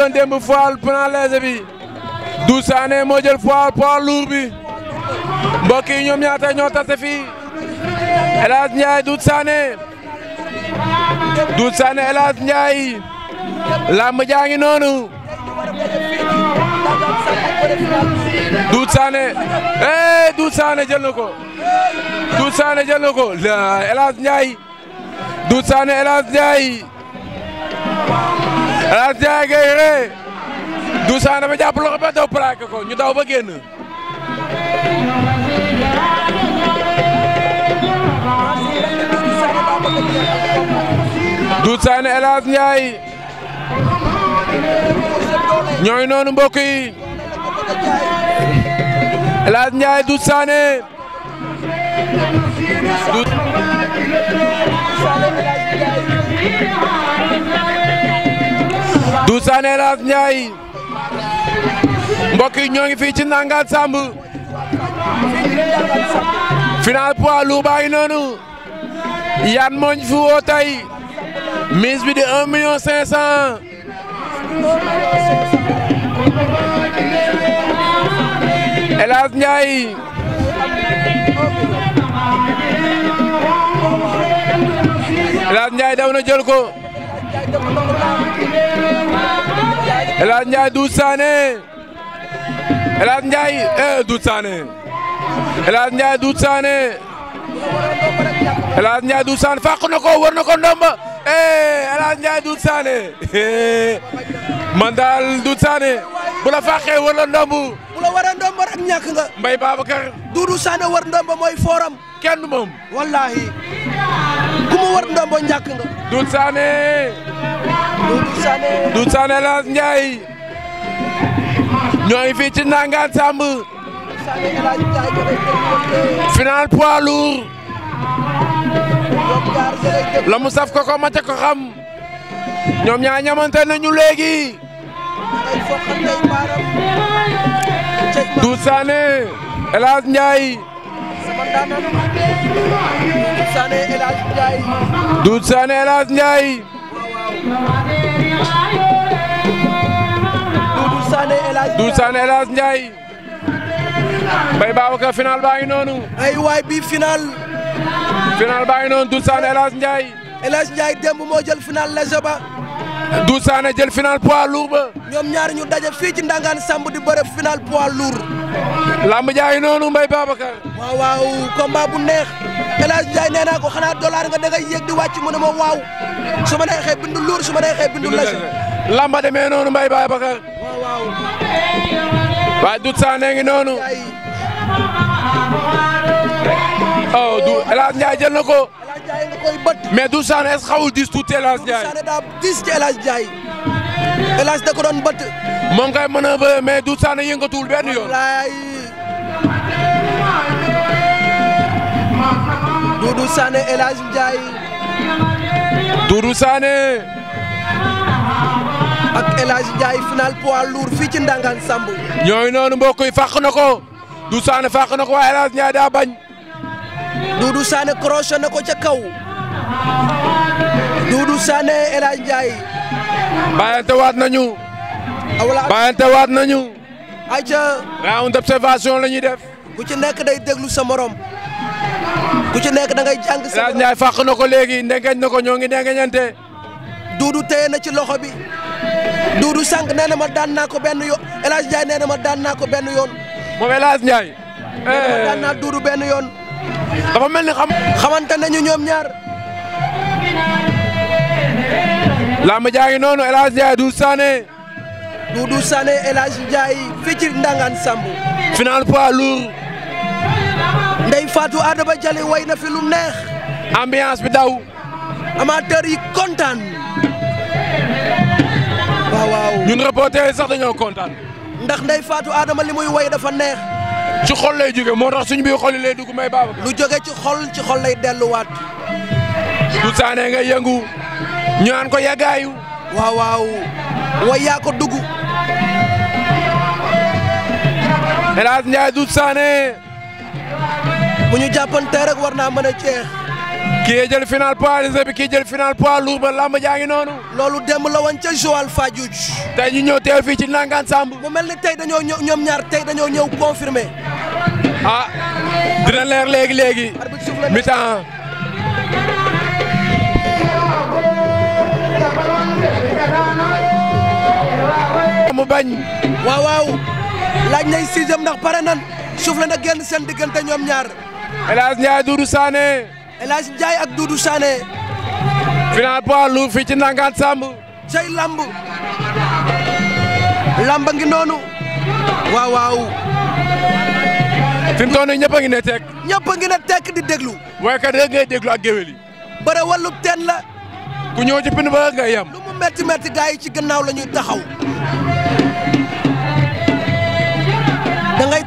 [SPEAKER 1] Doudou Sane moo jël foil poids lourd bi mbokk ñoom ñaata ñoo tase fii El Hadj Ndiaye Doudou Sane Doudou Sane El Hadj Ndiaye noonu. Doudou Sané eh Doudou Sané jël na ko Doudou Sané jël na ko El Hadj Ndiaye Doudou Sané El Hadj Ndiaye El Hadj ree Doudou Sané dafa jàpp loxo ba daw plaqué ko ñu daw ba génn. Doudou Sané El Hadj ñooy noonu mbokk yi El Hadj Ndiaye Doudou Sané Doudou Sané El Hadj Ndiaye mbokk yi ñoo ngi fii ci Nangaan Samb final poids lourd noonu yan mooñ fi woo tey bi di 1 million 500. El Hadj Ndiaye El daw na jël ko El Hadj Ndiaye Doudou Sané El Hadj Ndiaye eh El Hadj Ndiaye Doudou Sané na ko war na ko ndomba eh, El Hadj Ndiaye Doudou Sané *laughs* man daal Doudou Sané bu la fàqee war la ndomb. bu la waree ndomb rek ñàkk nga. Mbaye Babacar. Doudou Sané war ndomba mooy fooram. kenn moom. wallaahi ku mu war ndombo ñàkk nga. Doudou Sané. Doudou Sané. Doudou Sané El Hadj Ndiaye ñoo ngi fii ci final poids lourd la mu saf ko ko mate ko xam ñoom ñaa ñamante nañu léegi Doudou Sané El Hadj Ndiaye Doudou Sané El Mbaye Babacar final baa ngi noonu. ay waay bi final. final baa ngi noonu Doudou Sané El Hadj Ndiaye. El Hadj Ndiaye démb moo jël final léger ba. Doudou Sané jël final poids ba. ñoom ñaar ñu daje fii ci Ndangaan Samb di bëre final poids lourd. Lamb jaay noonu Mbaye Babacar.
[SPEAKER 5] waaw waaw combat bu neex. El Hadj Ndiaye nee xanaa dollar nga dangay yéeg di wàcc mu ne waaw su ma neexee bindu lourd su ma
[SPEAKER 1] waaye Doudou Sané ngi noonu oh du El Hadj jël na ko mais Doudou Sané est-ce que xawul diis tuuti El Hadj Ndiaye. Doudou Sané diis ci El Hadj Ndiaye. da ko doon bët. moom kay mën a bëre mais Doudou Sané yëngatuwul yoon. Doudou
[SPEAKER 5] Sané El ak El Hadj Ndiaye final poids lourd fii ci Ndangaan Samb.
[SPEAKER 1] ñooy noonu mbokk yi fàq na ko Doudou Sané fàq na ko waaye El Hadj Ndiaye daa bañ. Doudou Sané crochet na ko ca kaw. Doudou Sané El Hadj Ndiaye. bàyyante waat nañu. awla bàyyante waat nañu. ayca. round d'observation la ñuy def. ku ci nekk day déglu sa morom. ku ci nekk dangay ngay jàng sa morom El Hadj Ndiaye fàq
[SPEAKER 5] na ko léegi ndengeñ na ko ñoo ngi ndengeñante. Doudou téye na ci loxo bi. Doudou Sank nee na ma daan naa ko benn yoon El Hadj Ndiaye ma daan naa ko benn yoon. moom El Hadj Ndiaye. nee yoon. dafa mel ni xam. xamante nañu ñoom ñaar.
[SPEAKER 1] Lamba jaa ngi noonu El Hadj Ndiaye Doudou
[SPEAKER 5] Sané. Doudou Sané El Hadj Ndiaye fii ci Ndangan Samb. final poids lourd. Ndeye Fatou way na fi lu neex. ambiance bi daw. amateur yi kontaan.
[SPEAKER 1] waaw waaw ñun reporter yi sax dañoo kontaan. ndax Ndeye faatu aadama li muy woy dafa neex. ci xol lay jóge moo tax suñu bii xol yi lay dugg may baaba. lu jóge ci xol ci xol lay delluwaat. du saane nga yëngu. ñu naan ko yàggaayu. waaw waaw.
[SPEAKER 5] way yaa ko dugg.
[SPEAKER 1] El Hadj du saane. bu ñu jàppante rek war naa mën a jeex. kii jël final poids léger bi kii jël final poids lourd ba làmb jaa ngi noonu. loolu démb la woon ca Joal Fadiouth. tey ñu ñëw teew fii ci Ndangaan Samb. mu mel ni tey dañoo ñëw ñoom ñaar dañoo ñëw confirmé. ah dina leer léegi léegi. mi-temps.
[SPEAKER 5] mu bañ. waaw waaw laaj nay sixième ndax pare nan suuf la na génn seen diggante ñoom ñaar. El Hadj Ndiaye Doudou El jaay ak
[SPEAKER 1] Doudou Sané. final poids lourd fii ci Ndangane Samb. cey lamb. lamba ngi noonu. waaw waaw. fi ñëpp a ngi ne tekk. ñëpp a ngi ne tekk di déglu. waykat rek ngay déglu ak géwél yi.
[SPEAKER 5] bëre wàllu teen la. ku ñëw ci pin ba ngay yam. lu mu metti metti ci gannaaw la ñuy taxaw.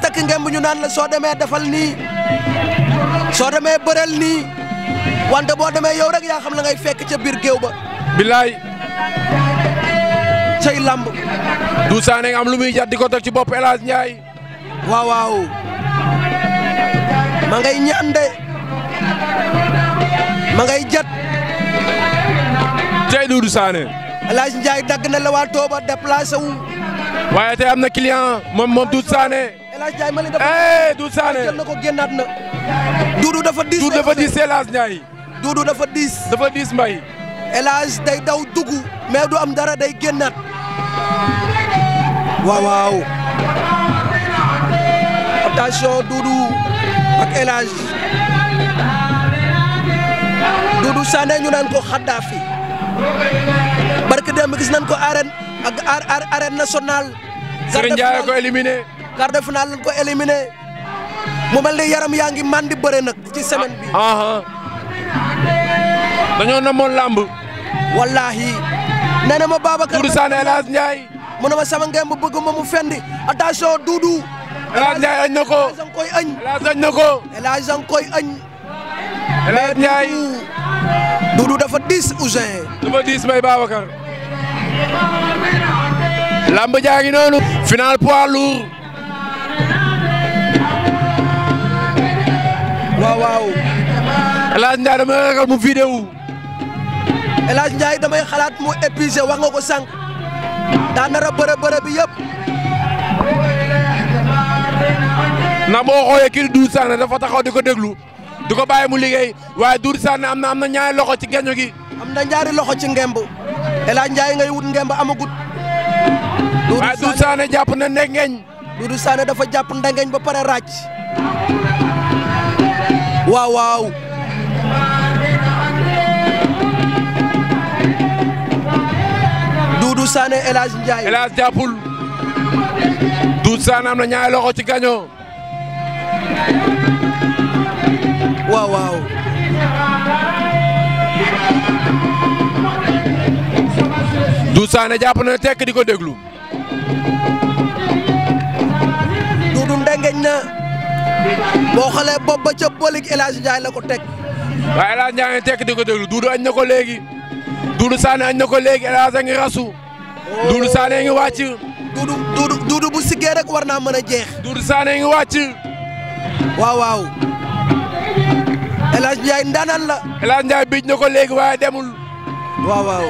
[SPEAKER 5] takk ngem bu ñu naan la soo demee defal nii. soo demee bëreel nii wante boo demee yow rek yaa xam la fekk ca biir géew ba. billaay.
[SPEAKER 1] cay lamb. du saane am lu muy jat di ko teg ci bopp El Hadj Ndiaye. waaw waaw
[SPEAKER 5] ma ngay ñande ma ngay jat. tey Doudou Sané. El Hadj dagg na la waa Tooba déplacé
[SPEAKER 1] waaye tey am na client moom moom Doudou Sané.
[SPEAKER 5] Elhadj Ndiaye ma leen dafa.
[SPEAKER 1] Eh, Doudou Sané ko génnaat na. Doudou dafa diis Doudou dafa diis Elhadj Ndiaye. Doudou
[SPEAKER 5] dafa diis. dafa diis mbay. Elhadj day daw dugg mais du am dara day génnaat. waaw waaw. attention Doudou ak Elhadj. Doudou Sané ñu naan ko Xaddaafi. barke démb gis nañ ko arène ak ar ar arène nationale. Serigne Ndiaye ko éliminé. quart de finale lañ ko éliminé mu mel ni yaram yaa ngi mandi bëre nag ci semaine bi. Ah, ah. dañoo namoon làmb. wallaahi. nee na ma Babacar. Doudou Sané El Hadj Ndiaye. mu ne ma sama bu bëgg ma fendi attention Doudou. El Hadj Ndiaye ko El Hadj Ndiaye koy añ. El Hadj na ko.
[SPEAKER 1] El dafa diis Ouzin. dafa diis may Babacar. Lamb jaa ngi noonu. final poids lourd.
[SPEAKER 5] waaw waaw. El Hadj Ndiaye damay ragal mu vidéo. El xalaat mu épuisé wax nga ko sànq. daa nar a bërë bërë bi yëpp.
[SPEAKER 1] ndax boo xoolee kii Doudou Sané dafa taxaw di ko déglu. di ko bàyyi mu liggéey waaye Doudou Sané am na am na ñaari loxo ci geño gi. am na ñaari loxo ci ngemb. El Hadj Ndiaye ngay wut ngemb amagut. waaye Doudou jàpp na ndengeñ. Doudou Sané dafa jàpp ndengeñ ba pare ràcc.
[SPEAKER 5] waaw waaw Doudou Sané El
[SPEAKER 1] Hadj Ndiaye El Hadj jàppul na ñaari loxo ci gaño waaw waaw Doudou Sané jàpp na tekk
[SPEAKER 5] di ko déglu Doudou ndengeñ na boo xoolee bopp ba bolig El Hadj la ko teg. waaw El Hadj Ndiaye tekk
[SPEAKER 1] di ko déglu Doudou añ na ko léegi Doudou Sané añ na ko léegi El Hadj rasu. Oh. Doudou bu siggee rek war naa mën a jeex. Doudou Sané ngi wàcc. waaw waaw. El Hadj Ndiaye la. El Hadj Ndiaye biij na ko léegi waaye demul. waaw waaw.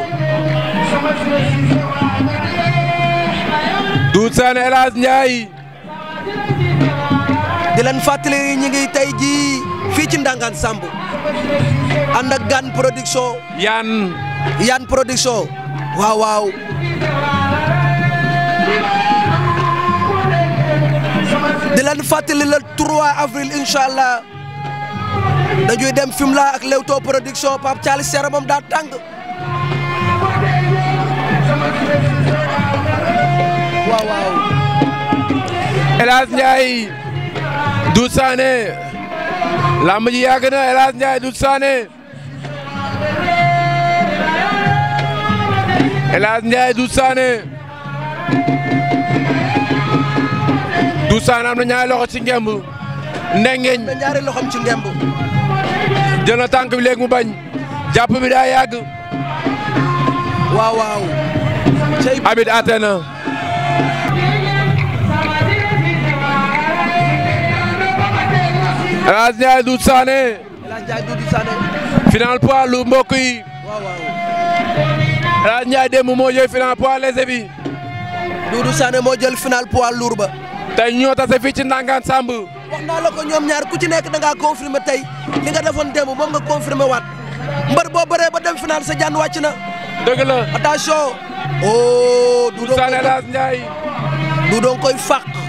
[SPEAKER 1] Doudou Sané El Hadj
[SPEAKER 5] di leen fàttali ñi ngi tey jii fii ci Ndangaan Samb ànd ak Yane Production. Yane. Yane Production waaw waaw. di leen fàttali le 3 avril incha allah dañuy dem Fimela ak Leewtoo Production Pape Thialis Sera daa tàng. waaw waaw. El Hadj
[SPEAKER 1] Doudou Sané lamb ji yàgg na El Hadj Ndiaye Doudou Sané El Hadj Ndiaye Doudou Sané am na ñaari loxo ci ngemb ndengeñ ñaari loxom ci ngemb jël na bi léegi mu bañ jàpp bi daa yàgg waaw abid atena El Hadj Ndiaye Doudou Sané.
[SPEAKER 5] El Hadj Ndiaye Doudou Sané.
[SPEAKER 1] final mbokk yi. waaw
[SPEAKER 5] waaw.
[SPEAKER 1] El Hadj Ndiaye moo jël final poids léger bi. Doudou Sané moo jël final poids lourd ba. tey ñoo tase fii ci Ndangaan Samb. wax
[SPEAKER 5] naa la ñoom ñaar ku ci nekk da ngaa confirmé tey li nga defoon démb moom nga confirmé waat mbër boo baree ba dem final sa jaan wàcc na. dëgg la attention. oh
[SPEAKER 1] koy fàq.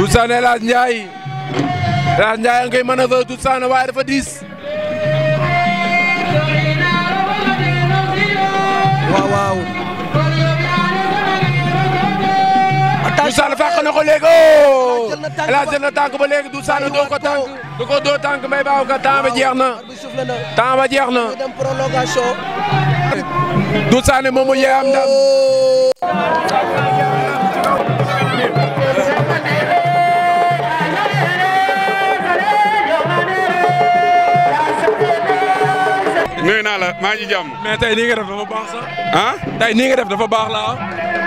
[SPEAKER 1] Duusane El Hadj Ndiaye El Hadj Ndiaye nga koy manœuvre Duusane waaye dafa diis. waaw waaw. Duusane fàq na ko léegi oo El Hadj jël na tànk ba léegi Duusane doo ko tànk du ko doo tànk mbay baaw ka temps ba jeex na temps ba jeex na. Duusane moom mu yee am ndam. Oh.
[SPEAKER 6] maa ngi ci jàmm. mais tey nii nga def dafa baax sax. ah tey nii dafa baax laa.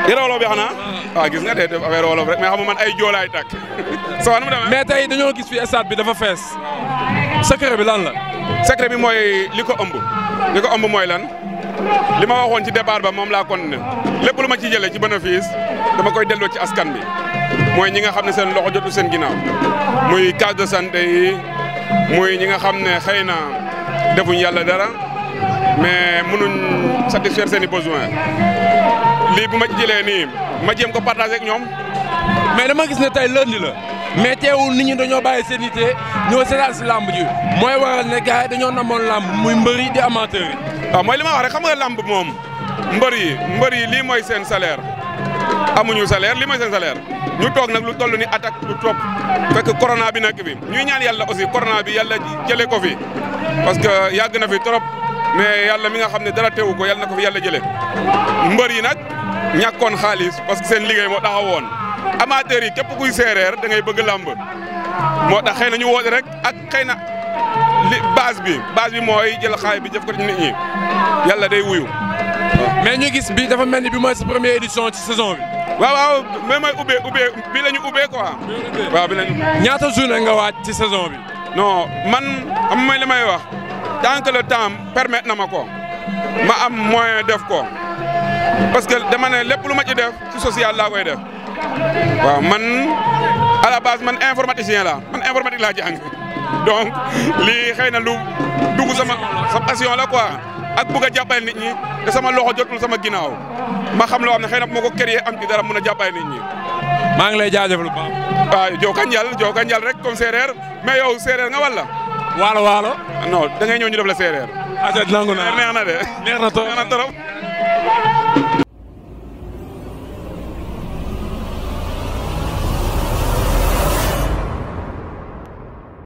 [SPEAKER 6] yére wolof bi xanaa. waaw ah. ah, gis nga tey def affaire wolof rek mais xam nga man ay joolaay tàkk. *laughs* soo nu mu demee tey dañoo gis fi stade bi dafa fees. secret bi lan la. secret bi mooy li ko ëmb. li ko ëmb mooy lan. li ma waxoon ci départ ba moom laa continué lépp lu ma ci jëlee ci bénéfice dama koy delloo ci askan bi mooy ñi nga xam ne seen loxo jotu seen ginnaaw muy case de santé yi muy ñi nga xam ne xëy na defuñ yàlla dara mais mënuñ satisfaire seen i besoin lii bu ma jëlee nii ma jéem ko partager ak ñoom. mais dama gis ne tey lundi la mais teewul nit ñi dañoo bàyyi seen yitte ñoo seetaan si làmb ji mooy waral ne gars yi dañoo namoon làmb muy mbër yi di amateur yi. mooy li ma wax rek xam nga làmb moom mbër yi mbër yi lii mooy seen salaire amuñu salaire lii mooy seen salaire ñu toog nag lu toll ni attaque lu topp fekk corona bi nekk bi ñuy ñaan yàlla aussi corona bi yàlla jëlee ko fi parce que yàgg na fi trop. mais yàlla mi nga xam ne dara teewu ko yàlla na ko fi yàlla jëlee mbër yi nag ñàkkoon xaalis parce que seen liggéey moo woon amateur yi képp kuy séeréer da ngay bëgg làmb moo tax xëy na ñu woote rek ak xëy na base bi base bi mooy jël xaay bi jëf ko ci nit ñi yàlla day wuyu. mais ñu gis bi dafa mel ni bi mooy sa première édition ci saison bi. waaw waaw mais mooy ubbee ubbee bi la ñu ubbee quoi. waaw bi la ñu. ñaata journée nga waaj ci saison bi. non man am may li may wax. tant que le temps permettre na ma ko ma am moyen def ko parce que dama ne lépp lu ma ci def ci social laa koy def waaw man à la base man informaticien la man informatique laa jàng *laughs* donc lii xëy na lu dugg sama sa passion la quoi ak bëgg a jàppale nit ñi te sama loxo jotul sama ginnaaw ma xam loo xam ne xëy na bu ma ko créé am ci dara mën a jàppale nit ñi. maa ngi lay jaajëfal bu baax. waaw Diop Kañ rek comme séeréer mais yow séeréer nga walla waalo waalo. non da ngay ñëw ñu def la séeréer. ah jërëjëf nangu naa neex na de. neex na trop neex na trop.